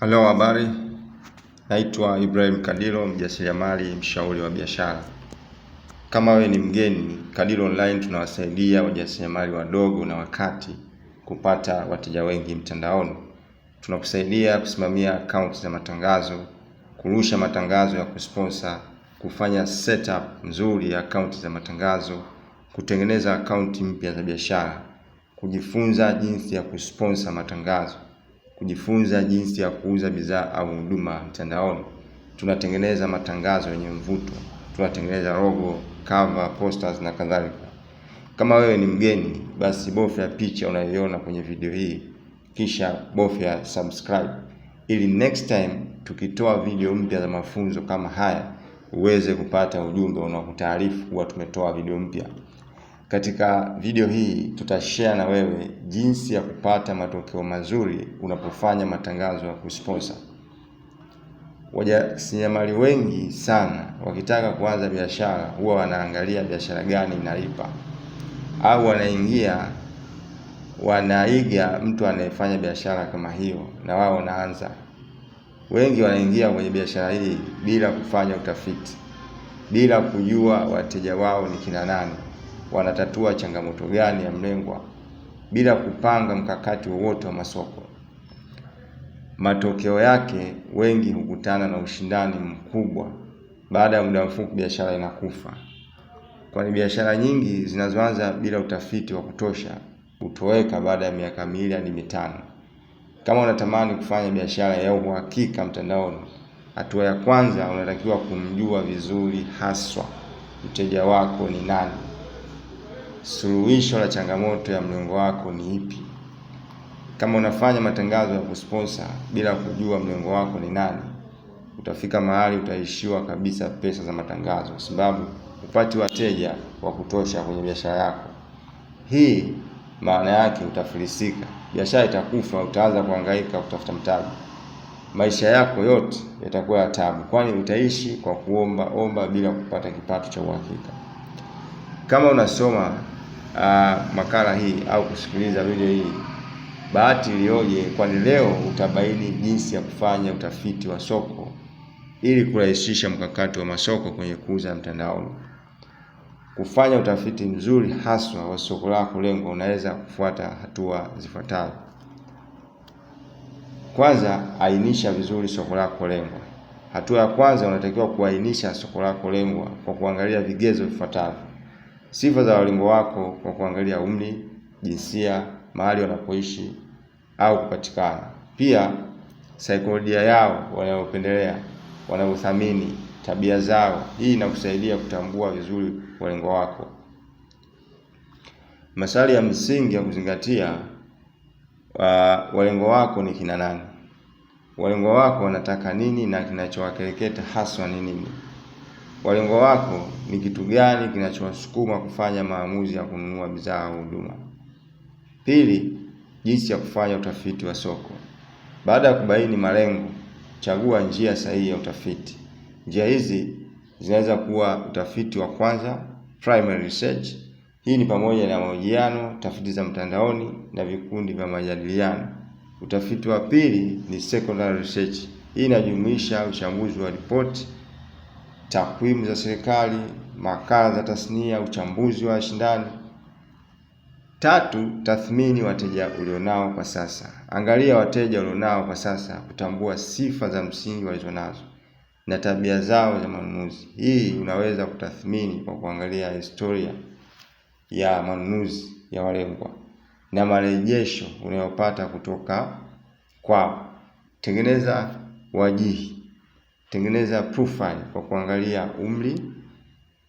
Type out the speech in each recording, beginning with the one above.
Halo, habari. Naitwa Ibrahim Kadilo, mjasiriamali, mshauri wa biashara. Kama wewe ni mgeni, Kadilo Online tunawasaidia wajasiriamali wadogo na wakati kupata wateja wengi mtandaoni. Tunakusaidia kusimamia akaunti za matangazo, kurusha matangazo ya kusponsor, kufanya setup nzuri ya akaunti za matangazo, kutengeneza akaunti mpya za biashara, kujifunza jinsi ya kusponsor matangazo kujifunza jinsi ya kuuza bidhaa au huduma mtandaoni. Tunatengeneza matangazo yenye mvuto, tunatengeneza logo, cover, posters na kadhalika. Kama wewe ni mgeni, basi bofya picha unayoiona kwenye video hii, kisha bofya subscribe ili next time tukitoa video mpya za mafunzo kama haya uweze kupata ujumbe unaokutaarifu kuwa tumetoa video mpya. Katika video hii tutashare na wewe jinsi ya kupata matokeo mazuri unapofanya matangazo ya kusponsor. Wajasiriamali wengi sana wakitaka kuanza biashara huwa wanaangalia biashara gani inalipa, au wanaingia wanaiga mtu anayefanya biashara kama hiyo, na wao wanaanza. Wengi wanaingia kwenye biashara hii bila kufanya utafiti, bila kujua wateja wao ni kina nani wanatatua changamoto gani ya mlengwa bila kupanga mkakati wowote wa masoko. Matokeo yake wengi hukutana na ushindani mkubwa. Baada ya muda mfupi, biashara inakufa, kwani biashara nyingi zinazoanza bila utafiti wa kutosha hutoweka baada ya miaka miwili hadi mitano. Kama unatamani kufanya biashara ya uhakika mtandaoni, hatua ya kwanza unatakiwa kumjua vizuri haswa mteja wako ni nani suluhisho la changamoto ya mlengo wako ni ipi? Kama unafanya matangazo ya kusponsa bila kujua mlengo wako ni nani, utafika mahali utaishiwa kabisa pesa za matangazo, kwa sababu upati wateja wa kutosha kwenye biashara yako. Hii maana yake utafilisika, biashara itakufa, utaanza kuhangaika kutafuta mtaji, maisha yako yote yatakuwa ya tabu, kwani utaishi kwa kuomba omba bila kupata kipato cha uhakika. Kama unasoma uh, makala hii au kusikiliza video hii. Bahati iliyoje, kwani leo utabaini jinsi ya kufanya utafiti wa soko ili kurahisisha mkakati wa masoko kwenye kuuza mtandaoni. Kufanya utafiti mzuri haswa wa soko lako lengwa, unaweza kufuata hatua zifuatazo. Kwanza, ainisha vizuri soko lako lengwa. Hatua ya kwanza, unatakiwa kuainisha soko lako lengwa kwa kuangalia vigezo vifuatavyo sifa za walimu wako kwa kuangalia umri, jinsia, mahali wanapoishi au kupatikana, pia saikolojia yao wanayopendelea, wanayothamini, tabia zao. Hii inakusaidia kutambua vizuri walengo wako. Maswali ya msingi ya kuzingatia uh, ah, walengo wako ni kina nani? Walengo wako wanataka nini na kinachowakereketa haswa ni nini? walengo wako ni kitu gani kinachowasukuma kufanya maamuzi ya kununua bidhaa au huduma. Pili, jinsi ya kufanya utafiti wa soko. Baada ya kubaini malengo, chagua njia sahihi ya utafiti. Njia hizi zinaweza kuwa utafiti wa kwanza, primary research. Hii ni pamoja na mahojiano, tafiti za mtandaoni na vikundi vya majadiliano. Utafiti wa pili ni secondary research. Hii inajumuisha uchambuzi wa ripoti takwimu za serikali, makala za tasnia, uchambuzi wa shindani. Tatu, tathmini wateja ulionao kwa sasa. Angalia wateja ulionao kwa sasa kutambua sifa za msingi walizonazo na tabia zao za manunuzi. Hii unaweza kutathmini kwa kuangalia historia ya manunuzi ya walengwa na marejesho unayopata kutoka kwao. Tengeneza wajihi Tengeneza profile kwa kuangalia umri,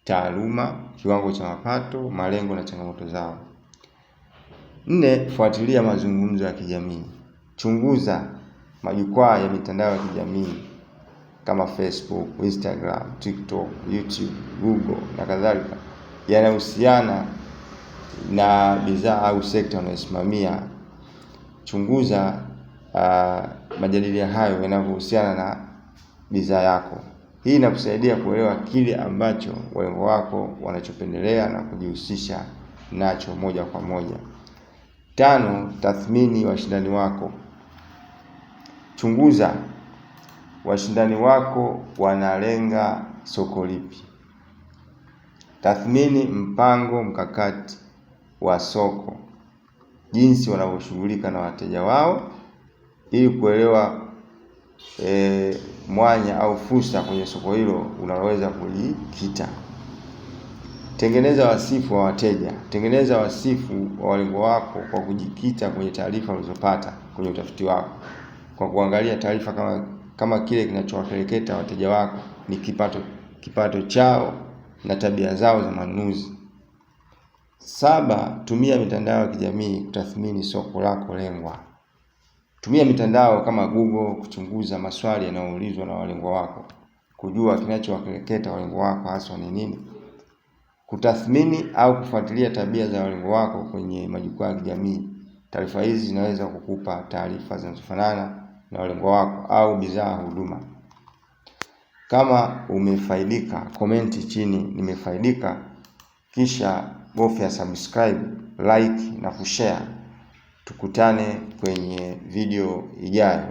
taaluma, kiwango cha mapato, malengo na changamoto zao. Nne, fuatilia mazungumzo ya kijamii. Chunguza majukwaa ya mitandao ya kijamii kama Facebook, Instagram, TikTok, YouTube, Google na kadhalika yanahusiana na bidhaa au sekta unayosimamia. Chunguza uh, ah, majadiliano hayo yanavyohusiana na bidhaa yako. Hii inakusaidia kuelewa kile ambacho walengo wako wanachopendelea na kujihusisha nacho moja kwa moja. Tano, tathmini washindani wako. Chunguza washindani wako wanalenga soko lipi. Tathmini mpango mkakati wa soko, jinsi wanavyoshughulika na wateja wao ili kuelewa e, mwanya au fursa kwenye soko hilo unaloweza kulikita. Tengeneza wasifu wa wateja. Tengeneza wasifu wa walengo wako kwa kujikita kwenye taarifa ulizopata kwenye utafiti wako, kwa kuangalia taarifa kama kama kile kinachowapeleketa wateja wako ni kipato kipato chao na tabia zao za manunuzi. Saba, tumia mitandao ya kijamii kutathmini soko lako lengwa. Tumia mitandao kama Google kuchunguza maswali yanayoulizwa na walengwa wako, kujua kinachowakeketa walengwa wako hasa ni nini, kutathmini au kufuatilia tabia za walengwa wako kwenye majukwaa ya kijamii. Taarifa hizi zinaweza kukupa taarifa zinazofanana na walengwa wako au bidhaa, huduma. Kama umefaidika, komenti chini nimefaidika, kisha bofya subscribe, like na kushare. Tukutane kwenye video ijayo.